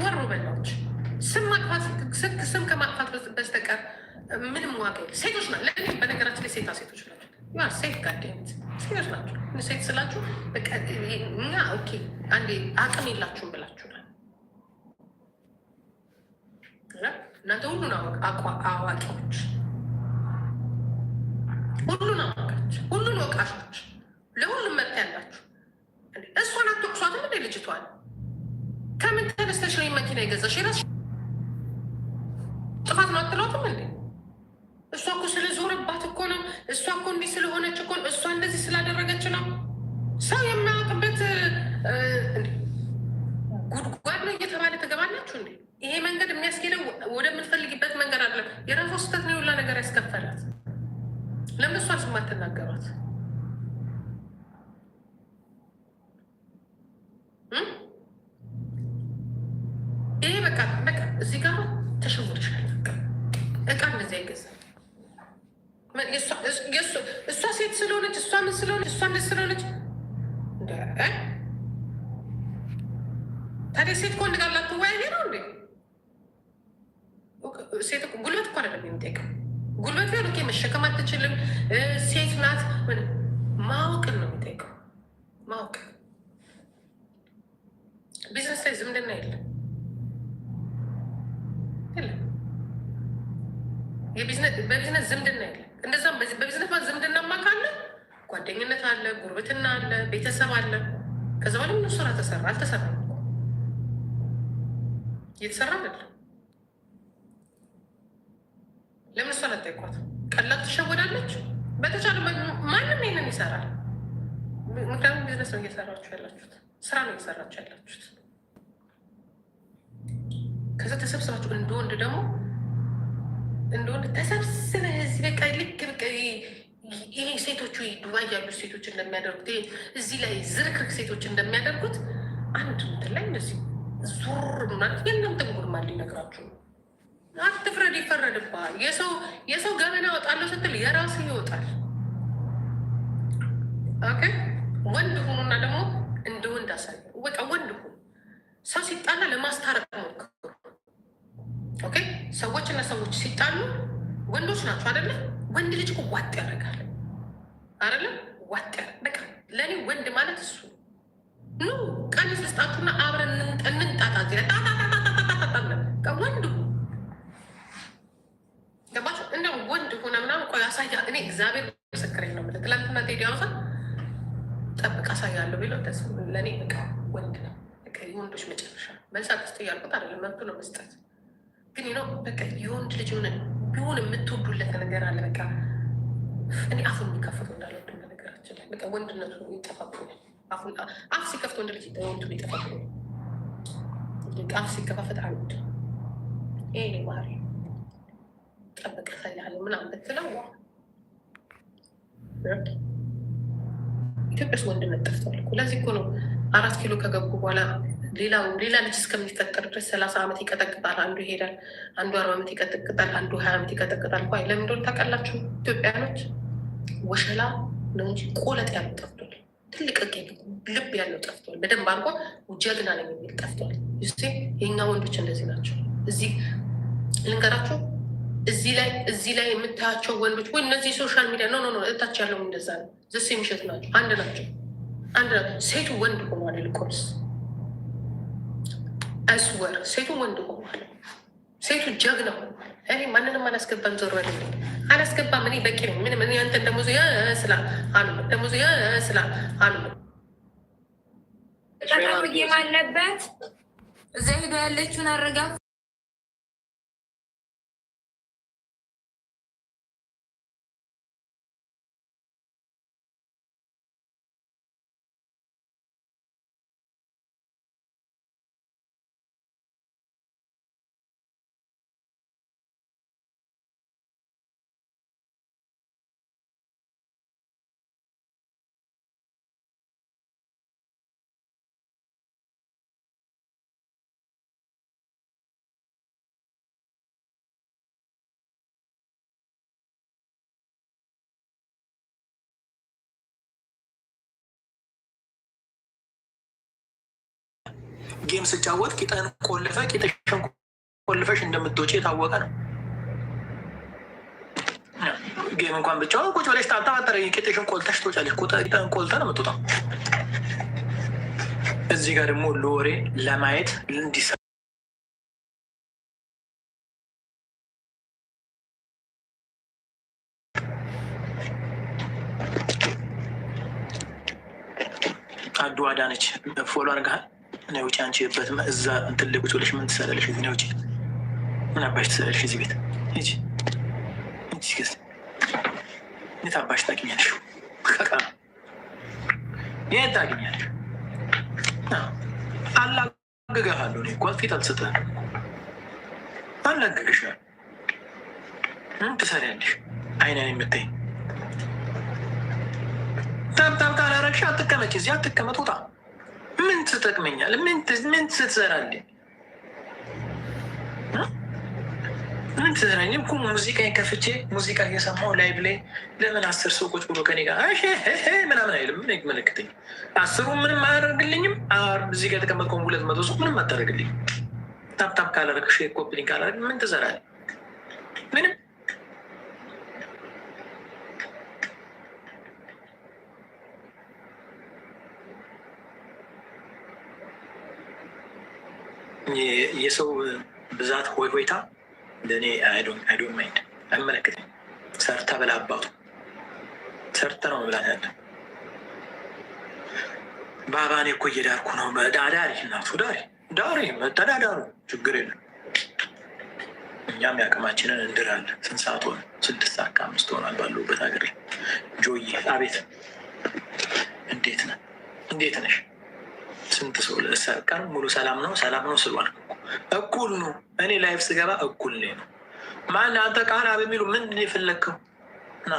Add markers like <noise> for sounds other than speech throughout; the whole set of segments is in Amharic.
ወሮ በላዎች ስም ማጥፋት ስም ከማጥፋት በስተቀር ምንም ዋጋ ሴቶች ና በነገራችን ላይ ሴታ ሴቶች ናቸው። ሴት ጋደት ሴቶች ናቸው። ሴት ስላችሁ እኛ ኦኬ አንዴ አቅም የላችሁም ብላችሁናል። እናንተ ሁሉን አዋቂዎች፣ ሁሉን አዋቂዎች፣ ሁሉን ወቃሾች ለሁሉም መታ ያለ ተገዝቷል። ከምን ተነስተሽ ነው መኪና የገዛሽ? የራስሽ ይሄ በቃ በቃ እዚህ ጋር ተሸውደሻል። እቃ እንደዚህ አይገዛም። እሷ ሴት ስለሆነች እሷ ምን ስለሆነች እሷ እንደዚህ ስለሆነች ታዲያ ሴት ከወንድ ጋር ላትወያይ ነው እንዴ? ሴት ጉልበት የሚጠይቀው። ጉልበት ቢሆን መሸከም አትችልም ሴት ናት ማወቅን ነው የሚጠይቀው ቢዝነስ ላይ ዝምድና የለም። በቢዝነስ ዝምድና የለም። እንደዛም በቢዝነስ ዝምድና ማካለ ጓደኝነት አለ፣ ጉርብትና አለ፣ ቤተሰብ አለ። ከዛ በኋላ ምንም ስራ ተሰራ አልተሰራም፣ እየተሰራ አይደለም። ለምን እሷ አላጠይቋት? ቀላል ትሸወዳለች። በተቻለ ማንም ይሄንን ይሰራል። ምክንያቱም ቢዝነስ ነው እየሰራችሁ ያላችሁት፣ ስራ ነው እየሰራችሁ ያላችሁት። ከዛ ተሰብስባችሁ እንደወንድ ደግሞ እንደወንድ ተሰብስበ እዚህ በቃ ልክ በቃ ይሄ ሴቶቹ ዱባይ ያሉ ሴቶች እንደሚያደርጉት እዚህ ላይ ዝርክርክ ሴቶች እንደሚያደርጉት አንድ ምትል ላይ እንደዚህ ዙር ማለት የለም። ጥንጉርማ ሊነግራችሁ አትፍረድ፣ ይፈረድብሃል። የሰው የሰው ገበና ወጣለሁ ስትል የራስ ይወጣል። ወንድ ሁኑና ደግሞ እንደ ወንድ አሳዩ። በቃ ወንድ ሁኑ። ሰው ሲጣላ ለማስታረቅ ነው ኦኬ ሰዎች እና ሰዎች ሲጣሉ ወንዶች ናቸው አደለ? ወንድ ልጅ ዋጥ ያደርጋል አደለ? ዋጥ በቃ ለእኔ ወንድ ማለት እሱ ኑ ቀን ስስጣቱና አብረን እንጣጣ ወንዱ ገባችሁ? እንደ ወንድ ሆነ ምናምን ቆይ አሳያ እኔ እግዚአብሔር መሰክረኝ ነው የምልህ። ትላንትና ቴዲ አውሳ ጠብቅ አሳያለሁ ቢለው ለእኔ በቃ ወንድ ነው። ወንዶች መጨረሻ መልሳት ስጥ እያልኩት አይደለም መብቱ ነው መስጠት ግን ነው በቃ የወንድ ልጅ ሆነ ቢሆን የምትወዱለት ነገር አለ። በቃ እኔ አፉ የሚከፍቱ እንዳለው ነገራችን ላይ በቃ ወንድነቱ ይጠፋብኛል። አፍ ሲከፍት ወንድ ልጅ ወንድ ይጠፋብኛል። አፍ ሲከፋፈት አንድ ይሄ እኔ ባህሪ ጠበቅ ይፈልያለ ምናምን ብትለው ኢትዮጵያ ውስጥ ወንድነት ጠፍቷል ለዚህ እኮ ነው አራት ኪሎ ከገቡ በኋላ ሌላው ሌላ ልጅ እስከሚፈጠር ድረስ ሰላሳ ዓመት ይቀጠቅጣል። አንዱ ይሄዳል፣ አንዱ አርባ ዓመት ይቀጠቅጣል፣ አንዱ ሀያ ዓመት ይቀጠቅጣል። ኳ ለምን እንደሆነ ታውቃላችሁ? ኢትዮጵያኖች ወሸላ ነው እንጂ ቆለጥ ያለው ጠፍቷል። ትልቅ ልብ ያለው ጠፍቷል። በደንብ አድርጎ ጀግና ነው የሚል ጠፍቷል። የኛ ወንዶች እንደዚህ ናቸው። እዚህ ልንገራችሁ፣ እዚህ ላይ እዚህ ላይ የምታያቸው ወንዶች ወይ እነዚህ ሶሻል ሚዲያ ነው ነው እታች ያለው እንደዛ ነው። ዘስ የሚሸት ናቸው። አንድ ናቸው፣ አንድ ናቸው። ሴቱ ወንድ ሆኗል። ልቆርስ አስወር ሴቱ ወንድ ሆኗል። ሴቱ ጀግና ሆኗል። እኔ ማንንም አላስገባም። ዞር በል አላስገባም። እኔ በቂ ነኝ። ምንም እኔ አንተን ደሞዝ ስላ አሉ ደሞዝ ስላ አሉ ጠቃ ብዬ ማለበት እዛ ሄዶ ያለችውን አረጋ ጌም ስጫወት ቂጠን ቆልፈ ቂጠሽን ቆልፈሽ እንደምትወጪ የታወቀ ነው። ጌም እንኳን ብቻ ቁጭ ብለሽ ታጠባጠረ ቂጠሽን ቆልተሽ ትወጫለሽ። ቂጠን ቆልተ ነው የምትወጣው። እዚህ ጋር ደግሞ ሎሬ ለማየት እንዲሰ አዱ አዳነች ፎሎ አድርገሃል። እኔ ውጭ አንቺ የበትም እዛ እንትን ልቁጭልሽ ምን ትሰላለሽ? እዚህ ውጭ ምን አባሽ ትሰላለሽ? እዚህ ቤት ሂጂ ሂጂ። ገዝ የት አባሽ ታውቂኛለሽ? ከቃ ነው የት ታውቂኛለሽ? አላግግሃለሁ። እኔ እኮ ፊት አልሰጠህም። አላገገሻል ምን ትሰሪያለሽ? አይነን የምታይ ታምታምታ ላረግሽ። አትቀመጭ፣ እዚህ አትቀመጥ፣ ውጣ ምን ትጠቅመኛል? ምን ትዘራልኝ? ምን ትዘራኝ እኮ ሙዚቃ ከፍቼ ሙዚቃ እየሰማው ላይቭ ላይ ለምን አስር ሰው ቁጭ ብሎ ከኔ ጋር ምናምን አይልም? ምን ይመለከተኝ? አስሩ ምንም አያደርግልኝም። እዚህ ጋር የተቀመጥከውን ሁለት መቶ ሰው ምንም አታደርግልኝ። ታፕታፕ ካላረግሽ ሼር ካላረግ ምን ትዘራለህ? ምንም የሰው ብዛት ሆይ ሆይታ ለእኔ አይዶን ማይድ አይመለከተኝ። ሰርተ በላ አባቱ ሰርተ ነው መብላት ያለ ባባ። እኔ እኮ እየዳርኩ ነው። ዳዳሪ እናቱ ዳሪ ዳሪ መተዳዳሩ ችግር የለም። እኛም የአቅማችንን እንድራለን። ስንት ሰዓት ሆነ? ስድስት ሰዓት ከአምስት ሆናል። ባለሁበት ሀገር ጆይ አቤት እንዴት ነህ? እንዴት ነሽ? ስንት ሰው ቀን ሙሉ ሰላም ነው ሰላም ነው ስሏል። እኩል ነው። እኔ ላይፍ ስገባ እኩል ነው ማን አንተ ቃና በሚሉ ምንድን የፈለግከው? ና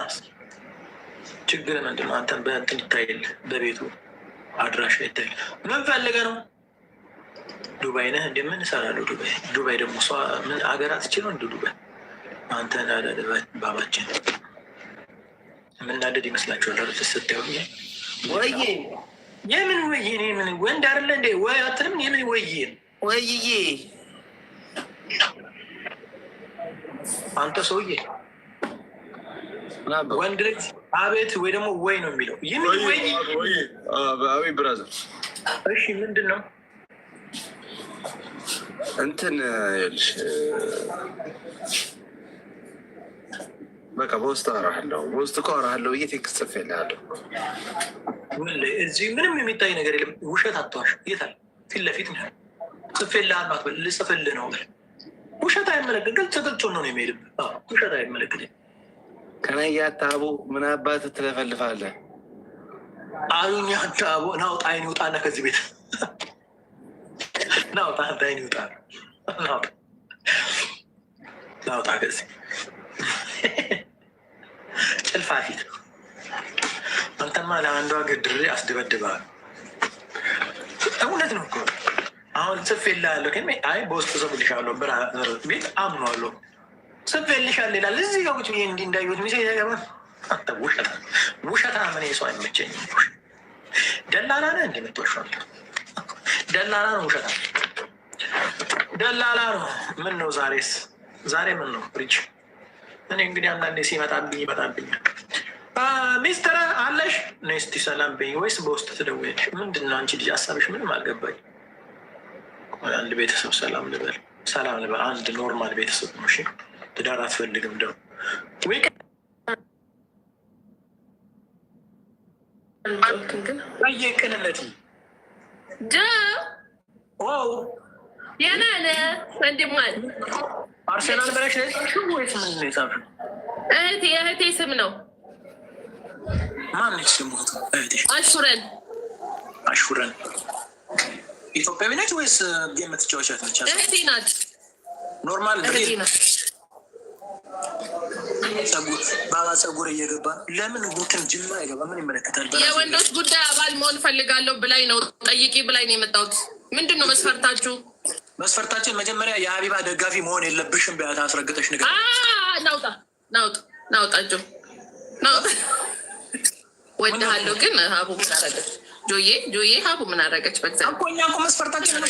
ችግር ምንድን ነው? አንተን በእንትን ይታይል በቤቱ አድራሻ ይታይል። ምን ፈልገ ነው? ዱባይ ነህ እንደ ምን እሰራለሁ ዱባይ። ዱባይ ደግሞ እሷ ምን አገር አትችል እንደ ዱባይ። አንተ ባባችን የምናደድ ይመስላችኋል ስታዩ ወይ የምን ወይ ኔ ምን ወንድ አይደለ እንዴ? ወይ አትልም? የምን ወይ ወይዬ አንተ ሰውዬ ወንድ ልጅ አቤት ወይ ደግሞ ወይ ነው የሚለው። የምን ወይ አቤት ብራዘር። እሺ ምንድን ነው እንትን ይኸውልሽ፣ በቃ በውስጥ አወራሃለሁ። በውስጥ እኮ አወራሃለሁ። እየቴክስት ጽፌልሃለሁ እዚህ ምንም የሚታይ ነገር የለም። ውሸት አትዋሽ። ይታል ፊት ለፊት ሚ ጽፌልሃል አትበል፣ ልጽፍልህ ነው በል። ውሸት አይመለከት ግን ትክክል ነው የሚሄድብ ውሸት አይመለከት ከነያ ታቦ ምን አባት ትለፈልፋለህ? አሉኝ ያታቡ ናውጣ አይን ይውጣና ከዚህ ቤት <laughs> ናውጣ አይን ይውጣ ናውጣ ከዚህ <laughs> ጭልፋ ፊት አንተማ ለአንዷ ገድሬ አስደበድበሃል። እውነት ነው እኮ አሁን ጽፌልሃለሁ። አይ በውስጡ ጽፍልሻለሁ ቤት አምኗለሁ ጽፌልሻለሁ ይላል። እዚህ ጋር ቁጭ ብዬ እንዲህ እንዳየሁት ሚዜ ገባ ውሸታ ውሸታ ምን ሰው አይመቸኝ። ደላላ ነህ እንዲመጥወሻ ደላላ ነው ውሸታ ደላላ ነው። ምን ነው ዛሬስ? ዛሬ ምን ነው ፍሪጅ? እኔ እንግዲህ አንዳንዴ ሲመጣብኝ ይመጣብኛል። ሚስተር አለሽ ነይ እስቲ ሰላም በይኝ፣ ወይስ በውስጥ ትደውያለሽ? ምንድን ነው አንቺ ልጅ ሀሳብሽ? ምንም አልገባኝ። አንድ ቤተሰብ ሰላም ልበል፣ ሰላም ልበል። አንድ ኖርማል ቤተሰብ ነው። እሺ ትዳር አትፈልግም ደግሞ ጠየቅንለት የናለ ወንድማል አርሴናል በለሽ እህቴ የእህቴ ስም ነው ማነች ደግሞ አሹረን አሹረን ኢትዮጵያዊ ነች ወይስ ጌም ትጫወቻ ነች? እህቴ ናት። ኖርማል ባባ ጸጉር እየገባ ለምን ቡትን ጅማ አይገባ? ምን ይመለከታል? የወንዶች ጉዳይ አባል መሆን ፈልጋለሁ ብላኝ ነው ጠይቂ ብላኝ ነው የመጣሁት። ምንድን ነው መስፈርታችሁ? መስፈርታችን መጀመሪያ የሀቢባ ደጋፊ መሆን የለብሽም ቢያት አስረግጠሽ ንገ ናውጣ ናውጣ ናውጣቸው ናውጣ ወድሃለሁ ግን ሀቡ ምን አረገች? ጆዬ ጆዬ ሀቡ ምን አረገች? በእግዚአብሔር እኮ እኛ እኮ መስፈርታችን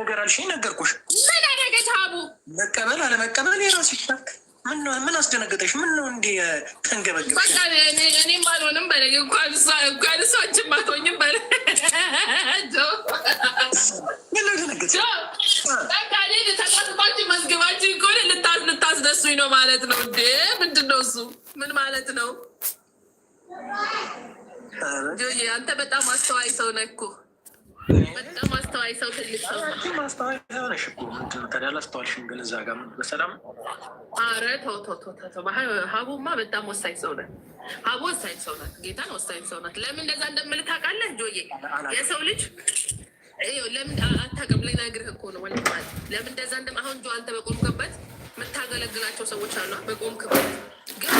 ነገር አልሽ ነገርኩሽ። ምን አረገች ሀቡ? መቀበል አለመቀበል የራሱ ይችላል። ምን አስደነገጠሽ? ምን ነው እንዲ ተንገበገብ? በቃ እኔም አልሆንም በለ እንኳን እሷ አንቺም አትሆኝም በለ ተቀጥባችሁ ልታስደሱኝ ነው ማለት ነው እንዴ? ምንድን ነው እሱ? ምን ማለት ነው? ጆዬ አንተ በጣም አስተዋይ ሰው ነህ እኮ በጣም አስተዋይ ሰው ትልቅ ሰው አስተዋይ ነሽ እኮ ታዲያ አላስተዋልሽም ግን እዛ ጋር በሰላም ኧረ ተው ተው ተው ሀቡማ በጣም ወሳኝ ሰው ናት ሀቡ ወሳኝ ሰው ናት ጌታን ወሳኝ ሰው ናት ለምን እንደዛ እንደምልህ ታውቃለህ ጆዬ የሰው ልጅ ለምን አታውቅም ልነግርህ እኮ ነው ወንድማ ለምን እንደዛ እንደ አሁን ጆ አንተ በቆምክበት የምታገለግላቸው ሰዎች አሉ በቆምክበት ግን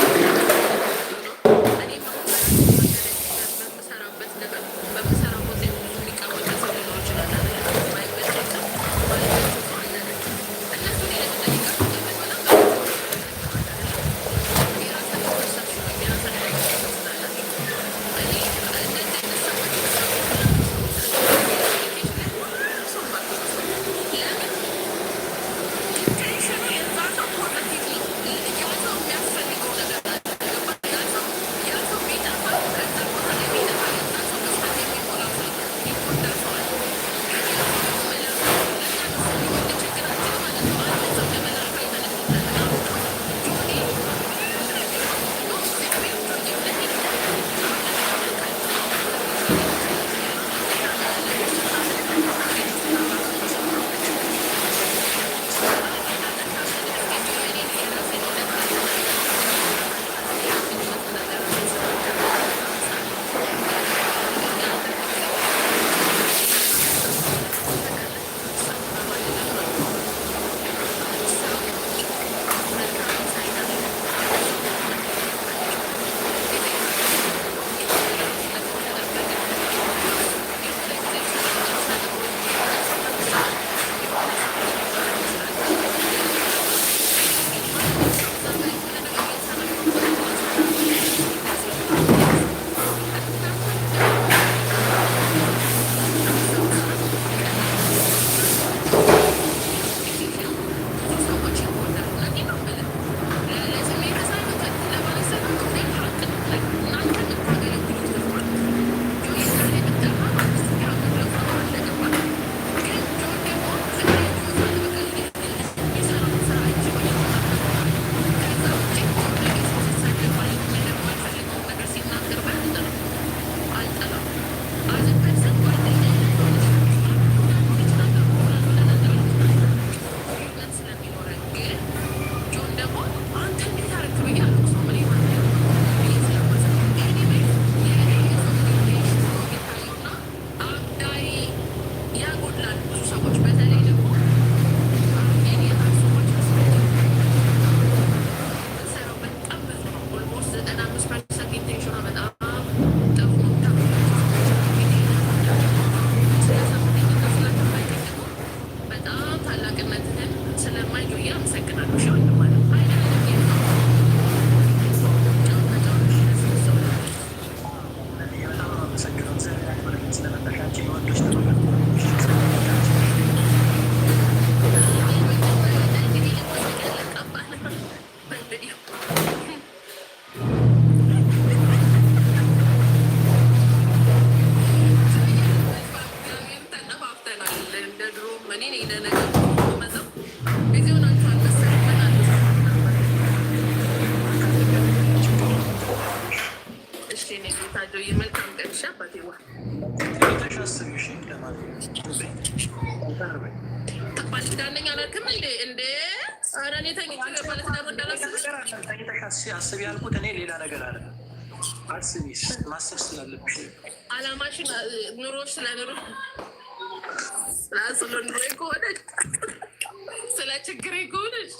ችግር ከሆነ እሺ፣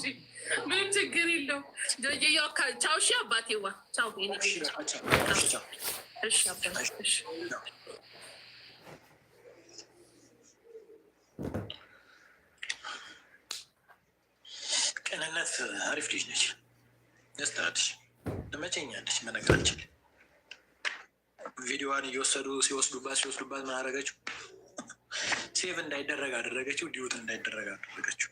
ምንም ችግር የለው። ቻው፣ እሺ አባቴዋ፣ ቻው። እሺ ቅንነት አሪፍ ልጅ ነች። ደስታለች፣ ትመቸኛለች። መነገር አልችልም። ቪዲዮዋን እየወሰዱ ሲወስዱባት ሲወስዱባት ምን አደረገችው? ሴቭ እንዳይደረግ አደረገችው። ዲዩት እንዳይደረግ አደረገችው።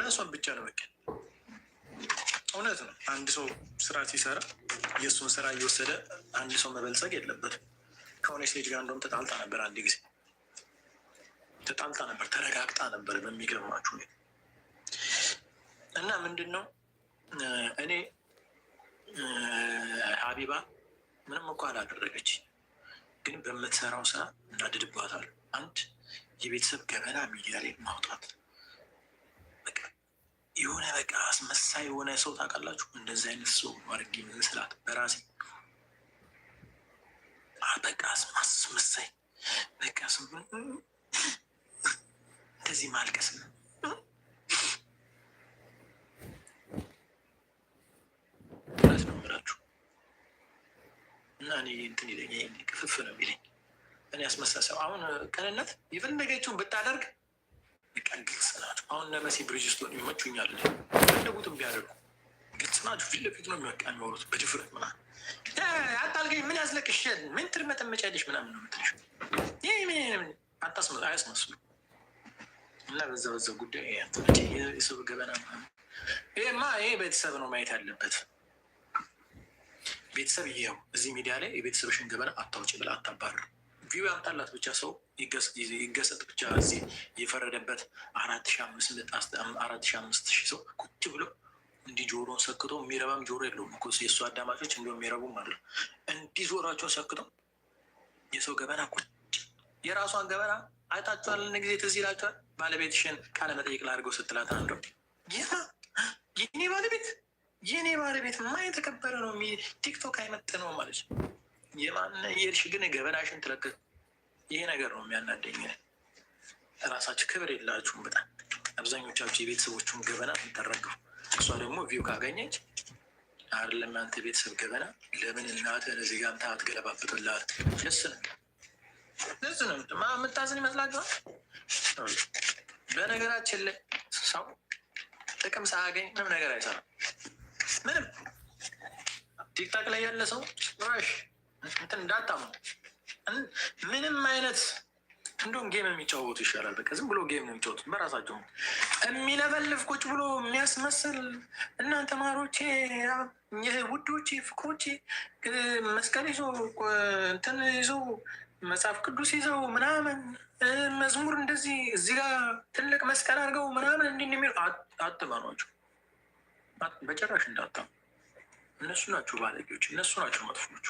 ራሷን ብቻ ነው በቃ። እውነት ነው። አንድ ሰው ስራ ሲሰራ የእሱን ስራ እየወሰደ አንድ ሰው መበልጸግ የለበትም። ከሆነች ልጅ ጋር እንደውም ተጣልታ ነበር። አንድ ጊዜ ተጣልታ ነበር፣ ተረጋግጣ ነበር በሚገርማችሁ እና ምንድን ነው እኔ ሀቢባ ምንም እኮ አላደረገች፣ ግን በምትሰራው ስራ እናድድባታል። አንድ የቤተሰብ ገበና ሚዲያ ላይ ማውጣት የሆነ በቃ አስመሳይ የሆነ ሰው ታውቃላችሁ። እንደዚህ አይነት ሰው አድርጌ መስላት በራሴ በቃ አስመሳይ በቃ እንደዚህ ማልቀስ ነው። እና እኔ እንትን ይለኛል ክፍፍ ነው የሚለኝ እኔ አስመሳሰው አሁን ቅንነት የፈለገችውን ብታደርግ በቃ ግልጽ ናቸው። አሁን ለመሲ ብሪጅስቶን ይመቹኛል። ፈለጉትም ቢያደርጉ ግልጽ ናቸው። ፊት ለፊት ነው የሚወቃ የሚወሩት በድፍረት ምናምን አታልገኝ ምን ያስለቅሻል? ምን ትርመጠመጫለሽ? ምናምን ነው የምትልሽ። አያስመስሉ እና በዛ በዛ ጉዳይ የሰው ገበና ይሄማ ይሄ ቤተሰብ ነው ማየት ያለበት። ቤተሰብ ይኸው እዚህ ሚዲያ ላይ የቤተሰብሽን ገበና አታውጭ ብላ አታባር ቪው ያምጣላት ብቻ ሰው ይገሰጥ ብቻ። እዚህ የፈረደበት አራት ሺህ አምስት ሺህ ሰው ቁጭ ብሎ እንዲህ ጆሮን ሰክቶ የሚረባም ጆሮ የለውም እኮ የእሱ አዳማጮች እንዲሁ የሚረቡም አለ። እንዲህ ጆሯቸውን ሰክቶ የሰው ገበና ቁጭ የራሷን ገበና አይታችኋል። እነ ጊዜ ትዝ ይላችኋል። ባለቤትሽን ቃለ መጠይቅ ላድርገው ስትላት አንዱ ጌታ የኔ ባለቤት የኔ ባለቤት ማ የተከበረ ነው ቲክቶክ አይመጥ ነው ማለት የማን የሄድሽ ግን ገበናሽን ትለቅቅ። ይሄ ነገር ነው የሚያናደኝ። እራሳችሁ ክብር የላችሁም። በጣም አብዛኞቻችሁ የቤተሰቦቹን ገበና የምታረገው እሷ ደግሞ ቪው ካገኘች አይደለም ያንተ ቤተሰብ ገበና ለምን እናት እዚህ ጋር ምታ አትገለባብጥላት? ደስ ነው ደስ ነው የምታዝን ይመስላችኋል። በነገራችን ላይ ሰው ጥቅም ሳያገኝ ምንም ነገር አይሰራም። ምንም ቲክታክ ላይ ያለ ሰው ጭራሽ እንትን እንዳታሙ ምንም አይነት እንደውም ጌም የሚጫወቱ ይሻላል። በቃ ዝም ብሎ ጌም ነው የሚጫወቱት። በራሳቸው የሚለበልፍ ቁጭ ብሎ የሚያስመስል እናንተ ማሮቼ፣ ውዶቼ፣ ፍቅሮቼ መስቀል ይዞ እንትን ይዞ መጽሐፍ ቅዱስ ይዘው ምናምን መዝሙር እንደዚህ እዚህ ጋር ትልቅ መስቀል አድርገው ምናምን እንዲህ የሚሉ አትመኗቸው፣ በጭራሽ እንዳታሙ። እነሱ ናቸው ባለጌዎች፣ እነሱ ናቸው መጥፎቹ።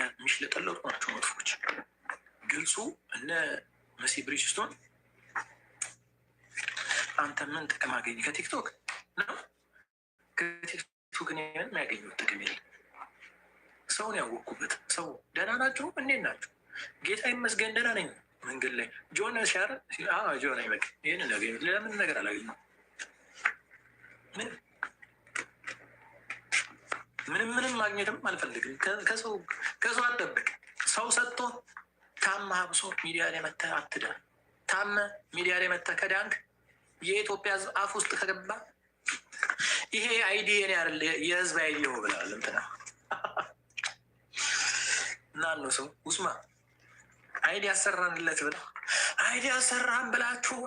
የሚሽለጠለጡ ናቸው መጥፎች። ግልጹ እነ መሲ ብሪጅስቶን አንተ ምን ጥቅም አገኝ ከቲክቶክ ነው? ከቲክቶክ ግን ምንም ያገኘው ጥቅም የለ። ሰውን ያወቅኩበት ሰው ደህና ናቸው፣ እንዴት ናቸው? ጌታ ይመስገን ደህና ነኝ። መንገድ ላይ ጆነ ሲያር ጆነ ይበቅ ይህን ነገር ለምን ነገር አላገኘሁም ምን ምንም ምንም ማግኘትም አልፈልግም። ከሰው ከሰው አጠብቅ። ሰው ሰጥቶ ታመ ሀብሶ ሚዲያ ላይ መተ አትዳ ታመ ሚዲያ ላይ መተ ከዳንክ የኢትዮጵያ ህዝብ አፍ ውስጥ ከገባ ይሄ አይዲ የኔ አይደለ የህዝብ አይዲ ነው ብለዋል። እንትና እና ነው ሰው ውስማ አይዲ ያሰራንለት ብለ አይዲ ያሰራን ብላችሁ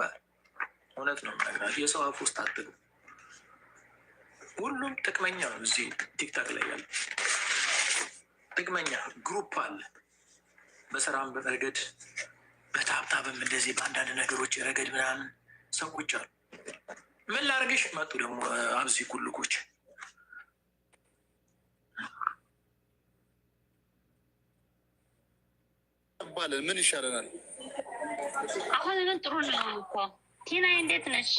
እውነት ነው የሰው አፍ ውስጥ አትግቡ። ሁሉም ጥቅመኛ ነው። እዚህ ቲክታክ ላይ ያለ ጥቅመኛ ግሩፕ አለ። በስራም በረገድ በታብታብም እንደዚህ በአንዳንድ ነገሮች ረገድ ምናምን ሰዎች አሉ። ምን ላርግሽ መጡ ደግሞ አብዚ ጉልጎች ባለ ምን ይሻለናል አሁን ጥሩ ነው እኮ ቲና እንዴት ነሽ?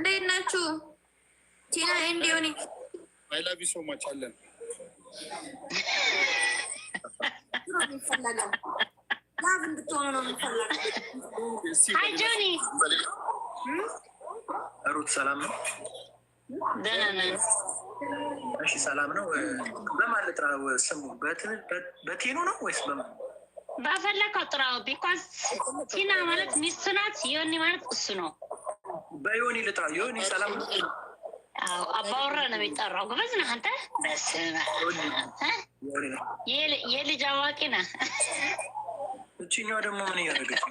እንዴት ናችሁ? ቲና እንዲሆን አይላቪ ሶማች አለን ሀይ ጆኒ ሩት ሰላም ነው? ደህና ነን። እሺ ሰላም ነው። በማለት ስሙ በቴኑ ነው ወይስ በማለት በፈለከው ጥራው። ቢኮዝ ቲና ማለት ሚስቱ ናት፣ ዮኒ ማለት እሱ ነው። በዮኒ ልጥራ። ዮኒ ሰላም አባወራ ነው የሚጠራው። ጎበዝ ነህ አንተ። በስመ የልጅ አዋቂ ነህ። እችኛዋ ደግሞ ምን እያደረገች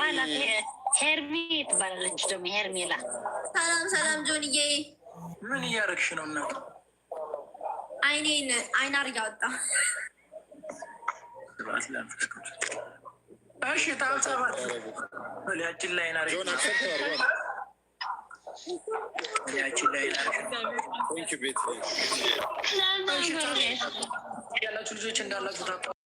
ማለት? ሄርሚ ትባላለች ደግሞ ሄርሜላ። ሰላም ሰላም፣ ጆንዬ ምን እያደረግሽ ነው? እና አይኔን አይናር እያወጣ ስብሐት ለመንፈስ ቅዱስ። እሺ ሊያችን ላይ ና ላይ ናያላችሁ ልጆች እንዳላችሁ